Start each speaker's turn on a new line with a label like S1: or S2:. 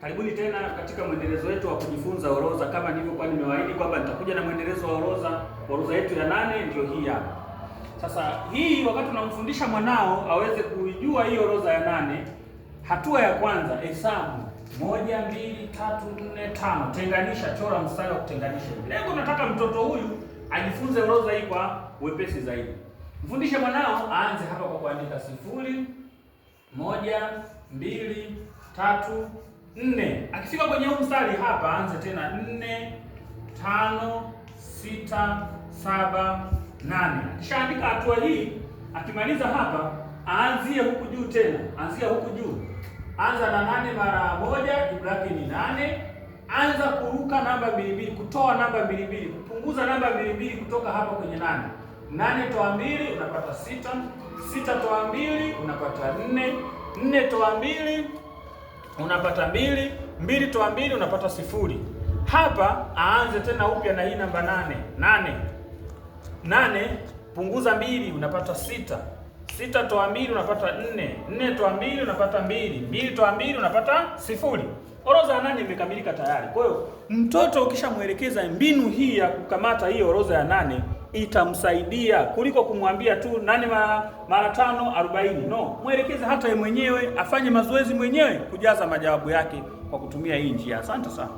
S1: Karibuni tena katika mwendelezo wetu wa kujifunza orodha, kama nilivyokuwa nimewaahidi kwamba nitakuja na mwendelezo wa orodha. Orodha yetu ya nane ndio hii hapa. Sasa hii, wakati tunamfundisha mwanao aweze kuijua hii orodha ya nane, hatua ya kwanza hesabu moja, mbili, tatu, nne, tano, tenganisha, chora mstari wa kutenganisha. Lengo nataka mtoto huyu ajifunze orodha hii kwa wepesi zaidi. Mfundishe mwanao aanze hapa kwa kuandika sifuri, moja, mbili, tatu nne. Akifika kwenye huu mstari hapa anze tena nne, tano, sita, saba, nane. Akishaandika hatua hii, akimaliza hapa aanzie huku juu tena, anzia huku juu, anza na nane mara moja, jumla ni nane. Anza kuruka namba mbili mbili, kutoa namba mbili mbili, kupunguza namba mbili mbili kutoka hapa kwenye nane. Nane toa mbili unapata sita, sita toa mbili unapata nne, nne toa mbili unapata mbili mbili toa mbili unapata sifuri. Hapa aanze tena upya na hii namba nane nane nane, punguza mbili unapata sita sita toa mbili unapata nne nne toa mbili unapata mbili mbili toa mbili unapata sifuri. Orodha ya nane imekamilika tayari. Kwa hiyo mtoto ukishamwelekeza mbinu hii ya kukamata hii orodha ya nane itamsaidia kuliko kumwambia tu nane mara, mara tano arobaini. No, mwelekeze hata yeye mwenyewe afanye mazoezi mwenyewe kujaza majawabu yake kwa kutumia hii njia. Asante sana.